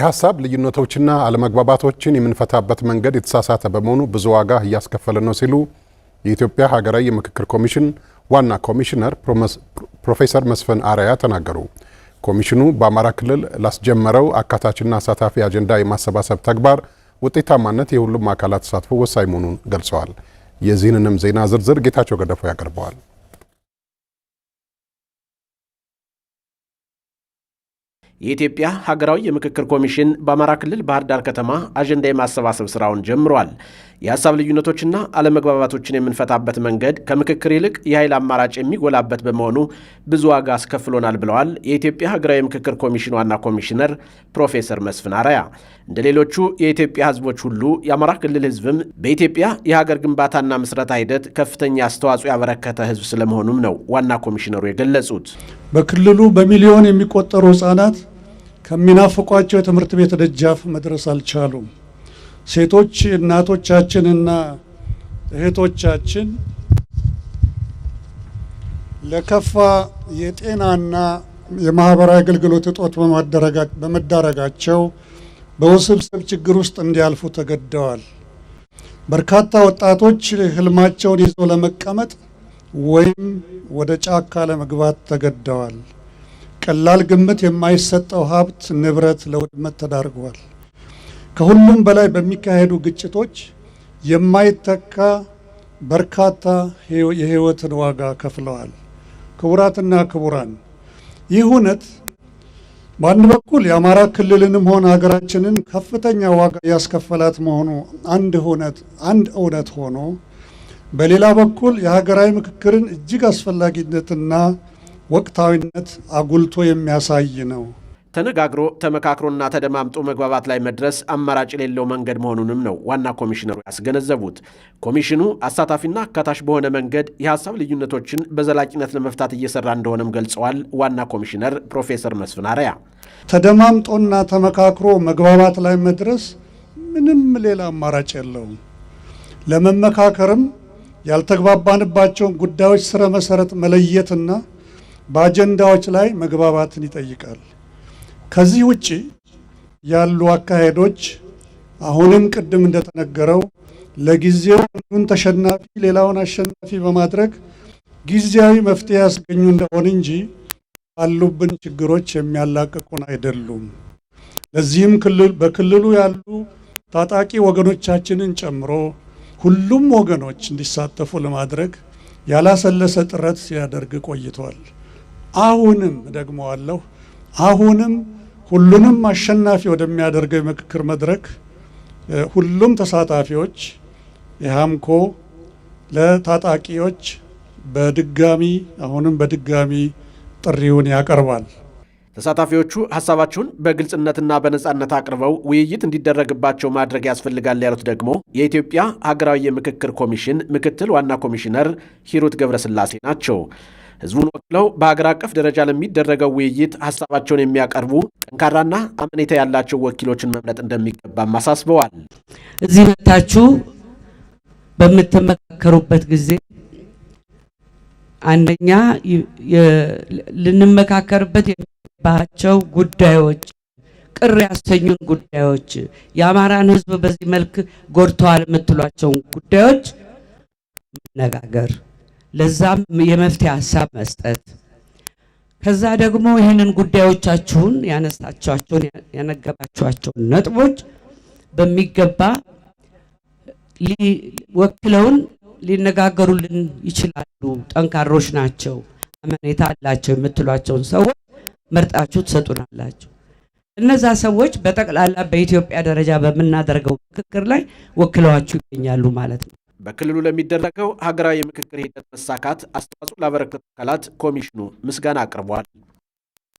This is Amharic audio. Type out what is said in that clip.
የሀሳብ ልዩነቶችና አለመግባባቶችን የምንፈታበት መንገድ የተሳሳተ በመሆኑ ብዙ ዋጋ እያስከፈለ ነው ሲሉ የኢትዮጵያ ሀገራዊ የምክክር ኮሚሽን ዋና ኮሚሽነር ፕሮፌሰር መስፍን አርአያ ተናገሩ። ኮሚሽኑ በአማራ ክልል ላስጀመረው አካታችና አሳታፊ አጀንዳ የማሰባሰብ ተግባር ውጤታማነት የሁሉም አካላት ተሳትፎ ወሳኝ መሆኑን ገልጸዋል። የዚህንንም ዜና ዝርዝር ጌታቸው ገደፎ ያቀርበዋል። የኢትዮጵያ ሀገራዊ የምክክር ኮሚሽን በአማራ ክልል ባህር ዳር ከተማ አጀንዳ የማሰባሰብ ስራውን ጀምሯል። የሀሳብ ልዩነቶችና አለመግባባቶችን የምንፈታበት መንገድ ከምክክር ይልቅ የኃይል አማራጭ የሚጎላበት በመሆኑ ብዙ ዋጋ አስከፍሎናል ብለዋል የኢትዮጵያ ሀገራዊ የምክክር ኮሚሽን ዋና ኮሚሽነር ፕሮፌሰር መስፍን አራያ። እንደ ሌሎቹ የኢትዮጵያ ህዝቦች ሁሉ የአማራ ክልል ህዝብም በኢትዮጵያ የሀገር ግንባታና ምስረታ ሂደት ከፍተኛ አስተዋጽኦ ያበረከተ ህዝብ ስለመሆኑም ነው ዋና ኮሚሽነሩ የገለጹት። በክልሉ በሚሊዮን የሚቆጠሩ ህጻናት ከሚናፍቋቸው የትምህርት ቤት ደጃፍ መድረስ አልቻሉም። ሴቶች እናቶቻችንና እህቶቻችን ለከፋ የጤናና የማህበራዊ አገልግሎት እጦት በመዳረጋቸው በውስብስብ ችግር ውስጥ እንዲያልፉ ተገደዋል። በርካታ ወጣቶች ህልማቸውን ይዘው ለመቀመጥ ወይም ወደ ጫካ ለመግባት ተገደዋል። ቀላል ግምት የማይሰጠው ሀብት ንብረት ለውድመት ተዳርጓል። ከሁሉም በላይ በሚካሄዱ ግጭቶች የማይተካ በርካታ የህይወትን ዋጋ ከፍለዋል። ክቡራትና ክቡራን፣ ይህ እውነት በአንድ በኩል የአማራ ክልልንም ሆነ ሀገራችንን ከፍተኛ ዋጋ ያስከፈላት መሆኑ አንድ እውነት አንድ እውነት ሆኖ በሌላ በኩል የሀገራዊ ምክክርን እጅግ አስፈላጊነትና ወቅታዊነት አጉልቶ የሚያሳይ ነው። ተነጋግሮ ተመካክሮና ተደማምጦ መግባባት ላይ መድረስ አማራጭ የሌለው መንገድ መሆኑንም ነው ዋና ኮሚሽነሩ ያስገነዘቡት። ኮሚሽኑ አሳታፊና አካታሽ በሆነ መንገድ የሀሳብ ልዩነቶችን በዘላቂነት ለመፍታት እየሰራ እንደሆነም ገልጸዋል። ዋና ኮሚሽነር ፕሮፌሰር መስፍን አርአያ ተደማምጦና ተመካክሮ መግባባት ላይ መድረስ ምንም ሌላ አማራጭ የለውም። ለመመካከርም ያልተግባባንባቸውን ጉዳዮች ስረ መሰረት መለየትና በአጀንዳዎች ላይ መግባባትን ይጠይቃል። ከዚህ ውጭ ያሉ አካሄዶች አሁንም ቅድም እንደተነገረው ለጊዜው አንዱን ተሸናፊ ሌላውን አሸናፊ በማድረግ ጊዜያዊ መፍትሄ ያስገኙ እንደሆን እንጂ ባሉብን ችግሮች የሚያላቅቁን አይደሉም። ለዚህም በክልሉ ያሉ ታጣቂ ወገኖቻችንን ጨምሮ ሁሉም ወገኖች እንዲሳተፉ ለማድረግ ያላሰለሰ ጥረት ሲያደርግ ቆይቷል። አሁንም እደግመዋለሁ፣ አሁንም ሁሉንም አሸናፊ ወደሚያደርገው የምክክር መድረክ ሁሉም ተሳታፊዎች የሃምኮ ለታጣቂዎች በድጋሚ አሁንም በድጋሚ ጥሪውን ያቀርባል። ተሳታፊዎቹ ሀሳባቸውን በግልጽነትና በነጻነት አቅርበው ውይይት እንዲደረግባቸው ማድረግ ያስፈልጋል ያሉት ደግሞ የኢትዮጵያ ሀገራዊ የምክክር ኮሚሽን ምክትል ዋና ኮሚሽነር ሂሩት ገብረስላሴ ናቸው። ህዝቡን ወክለው በሀገር አቀፍ ደረጃ ለሚደረገው ውይይት ሀሳባቸውን የሚያቀርቡ ጠንካራና አመኔታ ያላቸው ወኪሎችን መምረጥ እንደሚገባም አሳስበዋል። እዚህ መታችሁ በምትመካከሩበት ጊዜ አንደኛ ልንመካከርበት የሚገባቸው ጉዳዮች ቅር ያሰኙን ጉዳዮች የአማራን ህዝብ በዚህ መልክ ጎድተዋል የምትሏቸውን ጉዳዮች መነጋገር ለዛም የመፍትሄ ሀሳብ መስጠት ከዛ ደግሞ ይህንን ጉዳዮቻችሁን ያነሳችኋቸውን ያነገባቸዋቸውን ነጥቦች በሚገባ ወክለውን ሊነጋገሩልን ይችላሉ። ጠንካሮች ናቸው፣ አመኔታ አላቸው የምትሏቸውን ሰዎች መርጣችሁ ትሰጡናላችሁ። እነዛ ሰዎች በጠቅላላ በኢትዮጵያ ደረጃ በምናደርገው ምክክር ላይ ወክለዋችሁ ይገኛሉ ማለት ነው። በክልሉ ለሚደረገው ሀገራዊ የምክክር ሂደት መሳካት አስተዋጽኦ ላበረከቱ አካላት ኮሚሽኑ ምስጋና አቅርቧል።